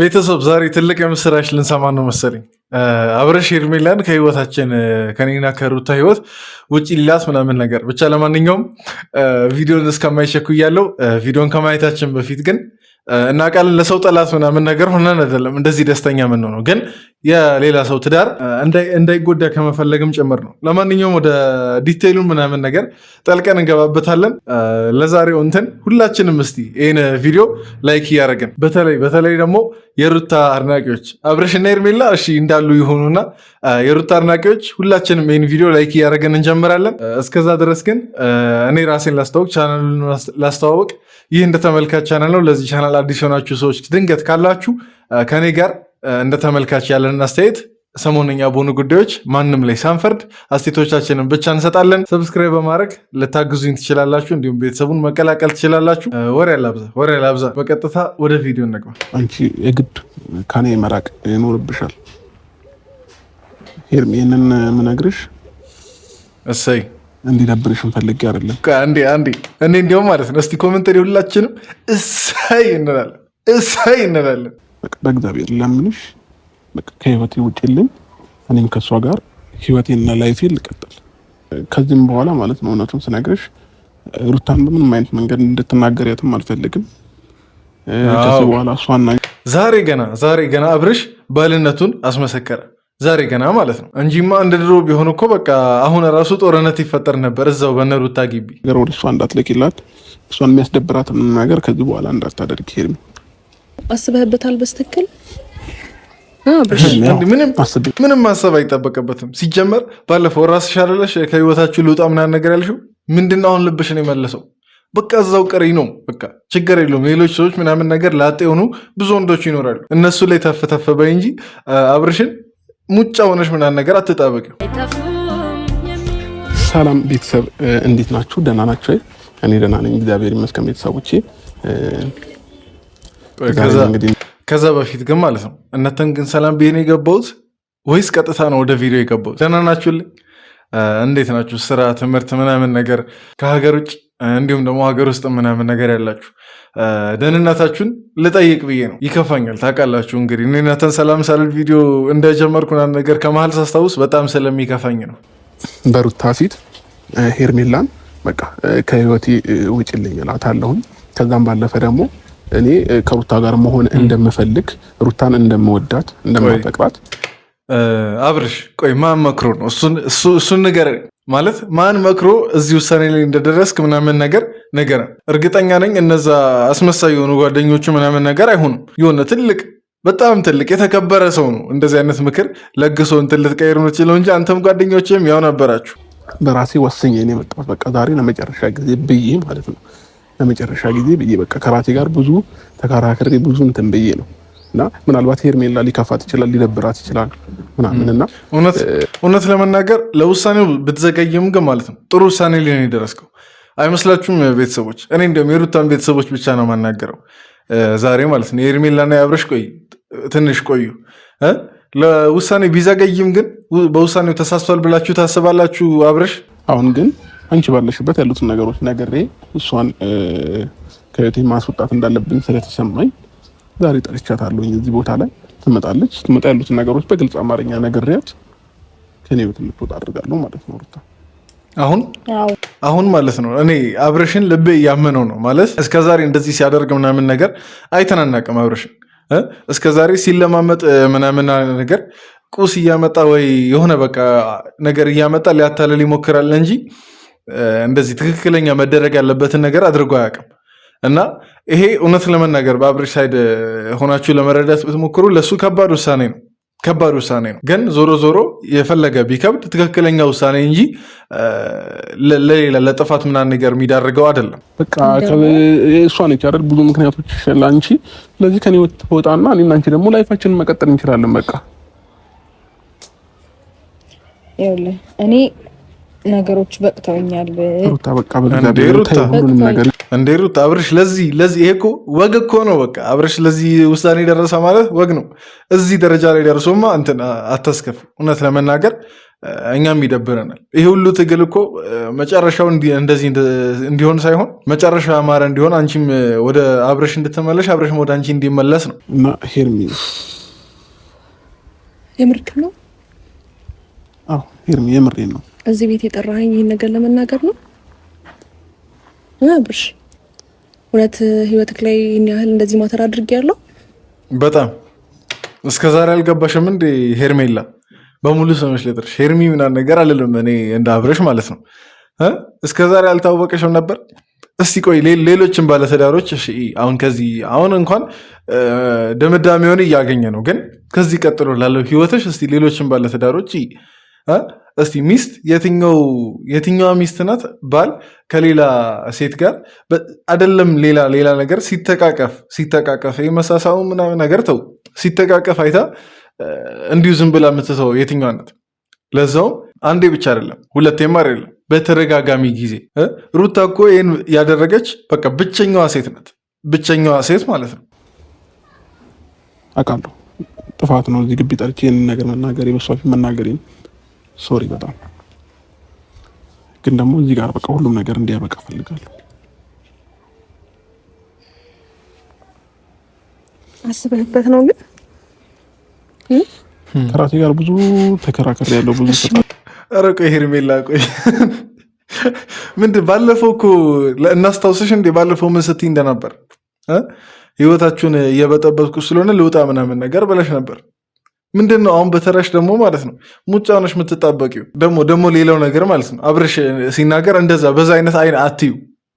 ቤተሰብ ዛሬ ትልቅ የምስራች ልንሰማ ነው መሰለኝ። አብረሽ ሄርሜላን ከህይወታችን ከኔና ከሩታ ህይወት ውጭ ሊላት ምናምን ነገር ብቻ። ለማንኛውም ቪዲዮን እስከማይቸኩ እያለው ቪዲዮን ከማየታችን በፊት ግን እና ቃል ለሰው ጠላት ምናምን ነገር ሆነን አይደለም እንደዚህ ደስተኛ ነው ግን የሌላ ሰው ትዳር እንዳይጎዳ ከመፈለግም ጭምር ነው። ለማንኛውም ወደ ዲቴይሉን ምናምን ነገር ጠልቀን እንገባበታለን። ለዛሬው እንትን ሁላችንም እስቲ ይህን ቪዲዮ ላይክ እያደረግን በተለይ በተለይ ደግሞ የሩታ አድናቂዎች አብረሽና ኤርሜላ እሺ እንዳሉ የሆኑና የሩታ አድናቂዎች ሁላችንም ይህን ቪዲዮ ላይክ እያደረግን እንጀምራለን። እስከዛ ድረስ ግን እኔ ራሴን ላስተዋወቅ ቻናሉን ላስተዋወቅ። ይህ እንደተመልካች ቻናል ነው። ለዚህ ቻናል ቻናል አዲስ የሆናችሁ ሰዎች ድንገት ካላችሁ ከኔ ጋር እንደ ተመልካች ያለን አስተያየት ሰሞነኛ በሆኑ ጉዳዮች ማንም ላይ ሳንፈርድ አስቴቶቻችንን ብቻ እንሰጣለን። ሰብስክራይብ በማድረግ ልታግዙኝ ትችላላችሁ። እንዲሁም ቤተሰቡን መቀላቀል ትችላላችሁ። ወሬ ላብዛ ወሬ አላብዛ፣ በቀጥታ ወደ ቪዲዮ እንግባ። አንቺ የግድ ከኔ መራቅ ይኖርብሻል። ይህንን ምነግርሽ እሰይ እንዲደብርሽን ፈልጌ አይደለም። አንዴ አንዴ እኔ እንዲያውም ማለት ነው እስቲ ኮመንተሪ ሁላችንም እሳይ እንላለን፣ እሳይ እንላለን። በእግዚአብሔር ለምንሽ ከህይወቴ ውጭልኝ። እኔም ከእሷ ጋር ህይወቴና ላይፌ ልቀጥል። ከዚህም በኋላ ማለት ነው እውነቱን ስነግርሽ ሩታን በምንም አይነት መንገድ እንድትናገሪያትም አልፈልግም። ከዚህ በኋላ እሷና ዛሬ ገና ዛሬ ገና አብርሽ ባልነቱን አስመሰከረ። ዛሬ ገና ማለት ነው እንጂማ እንደ ድሮ ቢሆን እኮ በቃ አሁን ራሱ ጦርነት ይፈጠር ነበር። እዛው በነሩታ ግቢ ነገር ወደ እሷ እንዳትልኪላት፣ እሷን የሚያስደብራትን ነገር ከዚህ በኋላ እንዳታደርግ። ሄድም አስበህበታል በስተክል ምንም ማሰብ አይጠበቅበትም። ሲጀመር ባለፈው ራስሽ አይደለሽ ከህይወታችሁ ልውጣ ምናምን ነገር ያልሽው ምንድን አሁን ልብሽን የመለሰው በቃ እዛው ቀሪ ነው። በቃ ችግር የለውም። ሌሎች ሰዎች ምናምን ነገር ላጤ የሆኑ ብዙ ወንዶች ይኖራሉ። እነሱ ላይ ተፍተፍ በይ እንጂ አብርሽን ሙጫ ሆነሽ ምናምን ነገር አትጠብቂው። ሰላም ቤተሰብ እንዴት ናችሁ? ደህና ናችሁ? እኔ ደህና ነኝ እግዚአብሔር ይመስገን። ቤተሰቦቼ ከዛ በፊት ግን ማለት ነው እነተን ግን ሰላም ብዬ ነው የገባሁት ወይስ ቀጥታ ነው ወደ ቪዲዮ የገባሁት? ደህና ናችሁልኝ? እንዴት ናችሁ? ስራ፣ ትምህርት ምናምን ነገር ከሀገር ውጭ እንዲሁም ደግሞ ሀገር ውስጥ ምናምን ነገር ያላችሁ ደህንነታችሁን ልጠይቅ ብዬ ነው። ይከፋኛል ታውቃላችሁ። እንግዲህ እኔናተን ሰላም ሳልል ቪዲዮ እንደጀመርኩ ናን ነገር ከመሀል ሳስታውስ በጣም ስለሚከፋኝ ነው። በሩታ ፊት ሄርሜላን በቃ ከህይወቴ ውጭልኝ እላታለሁኝ። ከዛም ባለፈ ደግሞ እኔ ከሩታ ጋር መሆን እንደምፈልግ ሩታን እንደምወዳት እንደማፈቅራት አብርሽ ቆይ ማን መክሮ ነው? እሱን ነገር ማለት ማን መክሮ እዚህ ውሳኔ ላይ እንደደረስክ ምናምን ነገር ነገር እርግጠኛ ነኝ እነዛ አስመሳይ የሆኑ ጓደኞቹ ምናምን ነገር አይሆኑም። የሆነ ትልቅ በጣም ትልቅ የተከበረ ሰው ነው እንደዚህ አይነት ምክር ለግሶ እንትን ልትቀይር የምችለው እንጂ አንተም ጓደኞችም ያው ነበራችሁ። በራሴ ወሰኝ ኔ መጣት በቃ ዛሬ ለመጨረሻ ጊዜ ብዬ ማለት ነው ለመጨረሻ ጊዜ ብዬ በቃ ከራሴ ጋር ብዙ ተከራክሬ ብዙ እንትን ብዬ ነው እና ምናልባት ሄርሜላ ሊከፋት ይችላል፣ ሊደብራት ይችላል ምናምን እና እውነት ለመናገር ለውሳኔው ብትዘገይም ግን ማለት ነው ጥሩ ውሳኔ ሊሆን የደረስከው። አይመስላችሁም ቤተሰቦች? እኔ እንዲሁም የሩታን ቤተሰቦች ብቻ ነው የማናገረው ዛሬ ማለት ነው። የሄርሜላና የአብረሽ ቆይ ትንሽ ቆዩ። ለውሳኔ ቢዘገይም ግን በውሳኔው ተሳስቷል ብላችሁ ታስባላችሁ? አብረሽ አሁን ግን አንቺ ባለሽበት ያሉትን ነገሮች ነገሬ እሷን ከህይወቴ ማስወጣት እንዳለብኝ ስለተሰማኝ ዛሬ ጠርቻታለሁ እዚህ ቦታ ላይ ትመጣለች። ትመጣ ያሉትን ነገሮች በግልጽ አማርኛ ነግሬያት ከኔ ቤት ልትወጣ አድርጋለሁ ማለት ነው ሩታ አሁን አሁን ማለት ነው እኔ አብረሽን ልቤ እያመነው ነው ማለት እስከዛሬ እንደዚህ ሲያደርግ ምናምን ነገር አይተናናቅም። አብረሽን እስከዛሬ ሲለማመጥ ምናምን ነገር ቁስ እያመጣ ወይ የሆነ በቃ ነገር እያመጣ ሊያታለል ይሞክራል እንጂ እንደዚህ ትክክለኛ መደረግ ያለበትን ነገር አድርጎ አያውቅም። እና ይሄ እውነት ለመናገር በአብሬጅ ሳይድ ሆናችሁ ለመረዳት ብትሞክሩ ለእሱ ከባድ ውሳኔ ነው ከባድ ውሳኔ ነው። ግን ዞሮ ዞሮ የፈለገ ቢከብድ ትክክለኛ ውሳኔ እንጂ ለሌላ ለጥፋት ምናምን ነገር የሚዳርገው አይደለም። በቃ እሷ ነች አይደል ብዙ ምክንያቶች ለአንቺ ስለዚህ ከኔ ወጣና እኔና አንቺ ደግሞ ላይፋችንን መቀጠል እንችላለን። በቃ እኔ ነገሮች በቅተውኛል። ሩታ በቃ እንደ ሩታ አብርሽ ለዚህ ለዚህ ይሄ እኮ ወግ እኮ ነው። በቃ አብርሽ ለዚህ ውሳኔ ደረሰ ማለት ወግ ነው። እዚህ ደረጃ ላይ ደርሶማ እንትን አታስከፍ። እውነት ለመናገር እኛም ይደብረናል። ይህ ሁሉ ትግል እኮ መጨረሻው እንደዚህ እንዲሆን ሳይሆን መጨረሻ አማረ እንዲሆን አንቺም ወደ አብርሽ እንድትመለሽ አብርሽም ወደ አንቺ እንዲመለስ ነው። ሄርሚ የምርክ ነው ሄርሚ የምሬን ነው እዚህ ቤት የጠራኸኝ ይህን ነገር ለመናገር ነው? ብርሽ እውነት ህይወትክ ላይ ይህን ያህል እንደዚህ ማተር አድርጌ ያለው በጣም እስከ ዛሬ አልገባሽም እንዴ ሄርሜላ? በሙሉ ስምሽ ልጥርሽ ሄርሚ ምናምን ነገር አልልም እኔ እንደ አብረሽ ማለት ነው። እስከ ዛሬ አልታወቀሽም ነበር? እስቲ ቆይ ሌሎችን ባለትዳሮች አሁን ከዚህ አሁን እንኳን ድምዳሜውን እያገኘ ነው፣ ግን ከዚህ ቀጥሎ ላለው ህይወትሽ እስቲ ሌሎችን ባለተዳሮች ። እስቲ ሚስት የትኛው የትኛዋ ሚስት ናት ባል ከሌላ ሴት ጋር አይደለም ሌላ ሌላ ነገር ሲተቃቀፍ ሲተቃቀፍ የመሳሳሙ ምናምን ነገር ተው ሲተቃቀፍ አይታ እንዲሁ ዝም ብላ የምትተወው የትኛዋ ናት? ለዛውም አንዴ ብቻ አይደለም ሁለቴም አይደለም በተደጋጋሚ ጊዜ። ሩታ እኮ ይህን ያደረገች በቃ ብቸኛዋ ሴት ናት። ብቸኛዋ ሴት ማለት ነው። አውቃለሁ ጥፋት ነው። እዚህ ግቢ ጠርቼ ይህንን ነገር መናገሬ በሷፊ መናገሬ ነው ሶሪ በጣም ግን ደግሞ እዚህ ጋር በቃ ሁሉም ነገር እንዲያበቃ ፈልጋለሁ። አስበህበት ነው ግን ከራሴ ጋር ብዙ ተከራከር ያለው ብዙ ረቆ ቆይ ሄርሜላ ቆይ ምንድን ባለፈው እኮ እናስታውሰሽ እንዴ ባለፈው ምን ስትይ እንደነበር ህይወታችሁን እየበጠበጥኩ ስለሆነ ልውጣ ምናምን ነገር ብለሽ ነበር ምንድን ነው አሁን በተራሽ ደግሞ ማለት ነው ሙጫኖች የምትጣበቂው ደግሞ ደግሞ ሌላው ነገር ማለት ነው አብረሽ ሲናገር እንደዛ በዛ አይነት አይን አትዩ።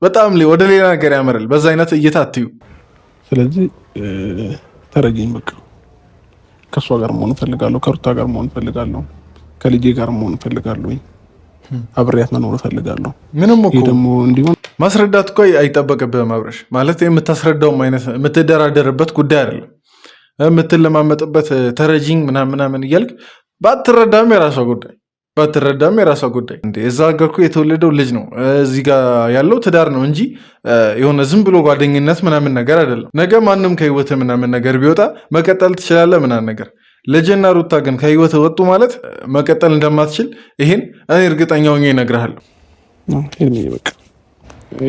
በጣም ወደ ሌላ ነገር ያመራል። በዛ አይነት እይታ አትዩ። ስለዚህ ተረጅኝ በቃ ከእሷ ጋር መሆን እፈልጋለሁ፣ ከሩታ ጋር መሆን እፈልጋለሁ፣ ከልጄ ጋር መሆን እፈልጋለሁ፣ አብሬያት መኖር እፈልጋለሁ። ምንም እኮ ደግሞ እንዲሆን ማስረዳት እኮ አይጠበቅብህም አብረሽ ማለት የምታስረዳውም አይነት የምትደራደርበት ጉዳይ አይደለም። የምትለማመጥበት ተረጂኝ ምናምን ምናምን እያልክ ባትረዳም የራሷ ጉዳይ ባትረዳም የራሷ ጉዳይ። እንደ እዛ ጋር እኮ የተወለደው ልጅ ነው። እዚህ ጋር ያለው ትዳር ነው እንጂ የሆነ ዝም ብሎ ጓደኝነት ምናምን ነገር አይደለም። ነገ ማንም ከህይወት ምናምን ነገር ቢወጣ መቀጠል ትችላለህ ምናምን ነገር ልጅና ሩታ ግን ከህይወት ወጡ ማለት መቀጠል እንደማትችል ይሄን እኔ እርግጠኛ ሆኜ እነግርሃለሁ።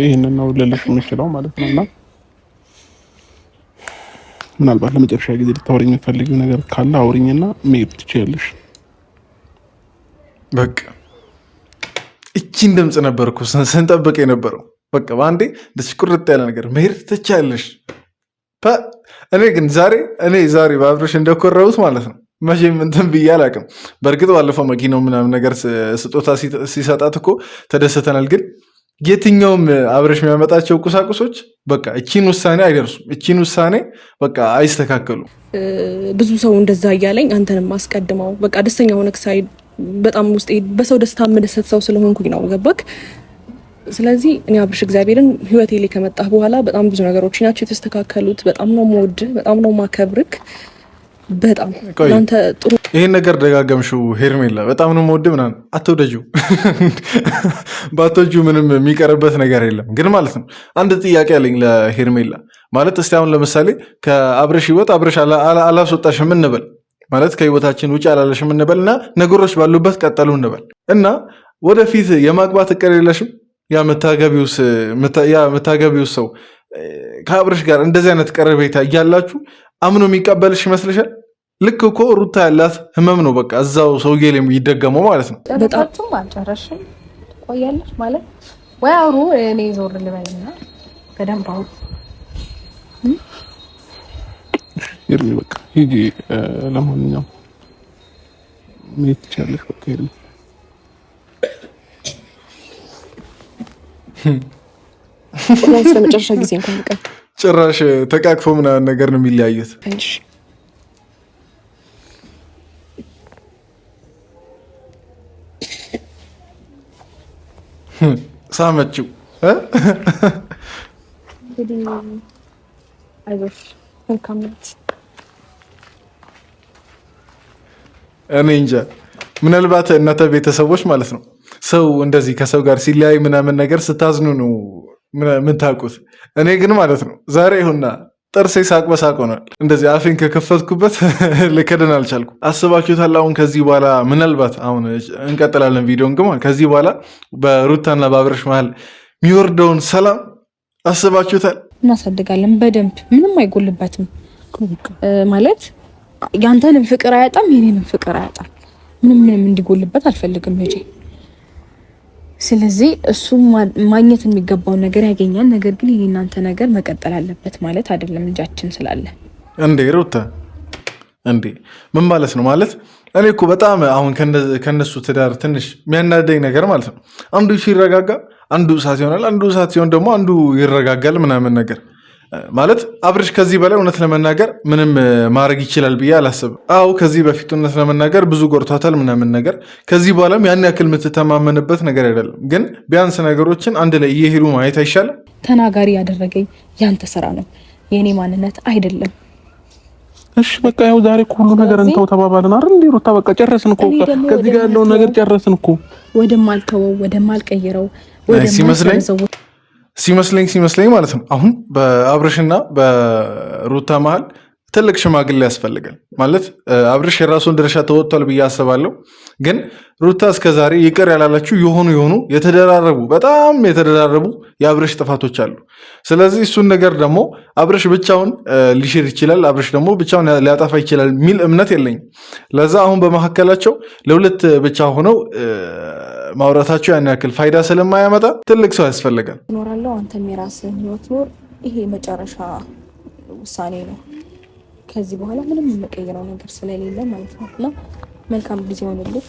ይህንን ነው ልልህ የምችለው ማለት ነው እና ምናልባት ለመጨረሻ ጊዜ ልታወሪኝ የምትፈልጊው ነገር ካለ አውሪኝና መሄድ ትችያለሽ። በቃ እቺን ድምፅ ነበር እኮ ስንጠብቅ የነበረው። በቃ በአንዴ ደስ ያለ ነገር መሄድ ትችያለሽ። እኔ ግን ዛሬ እኔ ዛሬ በአብሮሽ እንደኮረቡት ማለት ነው መቼም እንትን ብዬ አላቅም በእርግጥ ባለፈው መኪናው ምናምን ነገር ስጦታ ሲሰጣት እኮ ተደሰተናል ግን የትኛውም አብረሽ የሚያመጣቸው ቁሳቁሶች በቃ እቺን ውሳኔ አይደርሱም። እቺን ውሳኔ በቃ አይስተካከሉም። ብዙ ሰው እንደዛ እያለኝ አንተንም አስቀድመው በቃ ደስተኛ ሆነክ ክሳይ በጣም ውስጤ በሰው ደስታ የምደሰት ሰው ስለሆንኩኝ ነው ገባክ። ስለዚህ እኔ አብርሽ እግዚአብሔርን ህይወቴ ላይ ከመጣህ በኋላ በጣም ብዙ ነገሮች ናቸው የተስተካከሉት። በጣም ነው መወድ በጣም ነው ማከብርክ በጣም እናንተ ጥሩ ይሄን ነገር ደጋገምሽው። ሄርሜላ በጣም ነው የምወድ ምናምን አትወደጂው፣ ባትወጂው ምንም የሚቀርበት ነገር የለም። ግን ማለት ነው አንድ ጥያቄ አለኝ ለሄርሜላ ማለት እስቲ አሁን ለምሳሌ ከአብረሽ ህይወት አብረሽ አላስወጣሽም እንበል ማለት ከህይወታችን ውጭ አላለሽም እንበል እና ነገሮች ባሉበት ቀጠሉ እንበል እና ወደፊት የማግባት እቅድ የለሽም? ያ ሰው ከአብረሽ ጋር እንደዚህ አይነት ቀረቤታ እያላችሁ አምኖ የሚቀበልሽ ይመስልሻል? ልክ እኮ ሩታ ያላት ህመም ነው። በቃ እዛው ሰውዬ ላይ የሚደገመው ማለት ነው። በጣም አልጨረስሽም ትቆያለሽ ማለት ወይ አውሩ። እኔ ዞር ልበልና በደንብ አውሩ። ይርሚ በቃ ሂጂ። ለማንኛውም መሄድ ትችያለሽ። በቃ ይርሚ ስለመጨረሻ ጊዜ እንኳን ጭራሽ ተቃቅፎ ምናምን ነገር ነው የሚለያየት። ሳመችው። እንግዲህ እኔ እንጃ ምናልባት እናንተ ቤተሰቦች ማለት ነው ሰው እንደዚህ ከሰው ጋር ሲለያይ ምናምን ነገር ስታዝኑ ነው ምን ታውቁት። እኔ ግን ማለት ነው ዛሬ ይሁና ጥርሴ ሳቅ በሳቅ ሆኗል። እንደዚህ አፌን ከከፈትኩበት ልክድን አልቻልኩ አስባችሁታል? አሁን ከዚህ በኋላ ምናልባት አሁን እንቀጥላለን ቪዲዮን ግማ ከዚህ በኋላ በሩታና በአብረሽ መሀል የሚወርደውን ሰላም አስባችሁታል? እናሳድጋለን በደንብ ምንም አይጎልበትም። ማለት ያንተንም ፍቅር አያጣም፣ የኔንም ፍቅር አያጣም። ምንም ምንም እንዲጎልበት አልፈልግም ልጄ ስለዚህ እሱ ማግኘት የሚገባውን ነገር ያገኛል። ነገር ግን ይህ እናንተ ነገር መቀጠል አለበት ማለት አይደለም። ልጃችን ስላለ እንዴ ሩታ እንዴ ምን ማለት ነው? ማለት እኔ እኮ በጣም አሁን ከነሱ ትዳር ትንሽ የሚያናደኝ ነገር ማለት ነው አንዱ ሲረጋጋ አንዱ እሳት ይሆናል፣ አንዱ እሳት ሲሆን ደግሞ አንዱ ይረጋጋል ምናምን ነገር ማለት አብርሽ ከዚህ በላይ እውነት ለመናገር ምንም ማድረግ ይችላል ብዬ አላስብም። አው ከዚህ በፊት እውነት ለመናገር ብዙ ጎርቷታል ምናምን ነገር ከዚህ በኋላም ያን ያክል የምትተማመንበት ነገር አይደለም። ግን ቢያንስ ነገሮችን አንድ ላይ እየሄዱ ማየት አይሻልም? ተናጋሪ ያደረገኝ ያንተ ስራ ነው የእኔ ማንነት አይደለም። እሺ በቃ ያው ዛሬ ሁሉ ነገር እንተው ተባባልን አይደል እንዴ ሩታ? በቃ ጨረስን እኮ ከዚህ ጋር ያለውን ነገር ጨረስን እኮ ወደማልተወው ወደማልቀይረው ወደማልሰው ሲመስለኝ ሲመስለኝ ማለት ነው አሁን በአብርሽና በሩታ መሀል ትልቅ ሽማግሌ ያስፈልጋል። ማለት አብርሽ የራሱን ድርሻ ተወጥቷል ብዬ አስባለሁ። ግን ሩታ እስከዛሬ ይቅር ያላላችሁ የሆኑ የሆኑ የተደራረቡ በጣም የተደራረቡ የአብርሽ ጥፋቶች አሉ። ስለዚህ እሱን ነገር ደግሞ አብርሽ ብቻውን ሊሽር ይችላል፣ አብርሽ ደግሞ ብቻውን ሊያጠፋ ይችላል የሚል እምነት የለኝም። ለዛ አሁን በመካከላቸው ለሁለት ብቻ ሆነው ማውራታቸው ያን ያክል ፋይዳ ስለማያመጣ ትልቅ ሰው ያስፈልጋል። ኖራለው አንተም የራስህን ህይወት ኖር። ይሄ መጨረሻ ውሳኔ ነው። ከዚህ በኋላ ምንም የምቀይረው ነገር ስለሌለ ማለት ነው። እና መልካም ጊዜ ሆንልህ።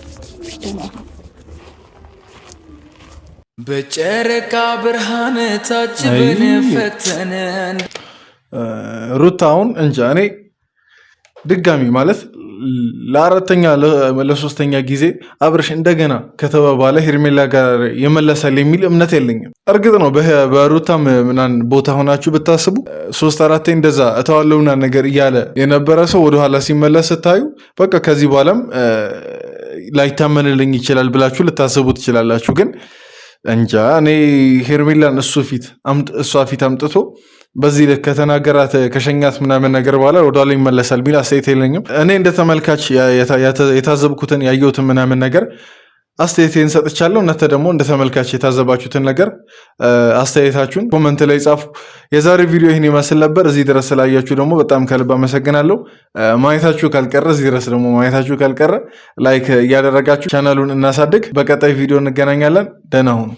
በጨረቃ ብርሃን ታጅበን ፈተነን ሩት። አሁን እንጃ እኔ ድጋሚ ማለት ለአራተኛ ለሶስተኛ ጊዜ አብርሽ እንደገና ከተባባለ ሄርሜላ ጋር ይመለሳል የሚል እምነት የለኝም። እርግጥ ነው በሩታ ምናን ቦታ ሆናችሁ ብታስቡ ሶስት አራቴ እንደዛ እተዋለሁ ነገር እያለ የነበረ ሰው ወደኋላ ሲመለስ ስታዩ በቃ ከዚህ በኋላም ላይታመንልኝ ይችላል ብላችሁ ልታስቡ ትችላላችሁ። ግን እንጃ እኔ ሄርሜላን እሱ ፊት እሷ ፊት አምጥቶ በዚህ ልክ ከተናገራት ከሸኛት ምናምን ነገር በኋላ ወደኋላ ይመለሳል ሚል አስተያየት የለኝም። እኔ እንደ ተመልካች የታዘብኩትን ያየሁትን ምናምን ነገር አስተያየቴን ሰጥቻለሁ። እናንተ ደግሞ እንደ ተመልካች የታዘባችሁትን ነገር አስተያየታችሁን ኮመንት ላይ ጻፉ። የዛሬ ቪዲዮ ይህን ይመስል ነበር። እዚህ ድረስ ስላያችሁ ደግሞ በጣም ከልብ አመሰግናለሁ። ማየታችሁ ካልቀረ እዚህ ድረስ ደግሞ ማየታችሁ ካልቀረ ላይክ እያደረጋችሁ ቻናሉን እናሳድግ። በቀጣይ ቪዲዮ እንገናኛለን። ደህና ሁኑ።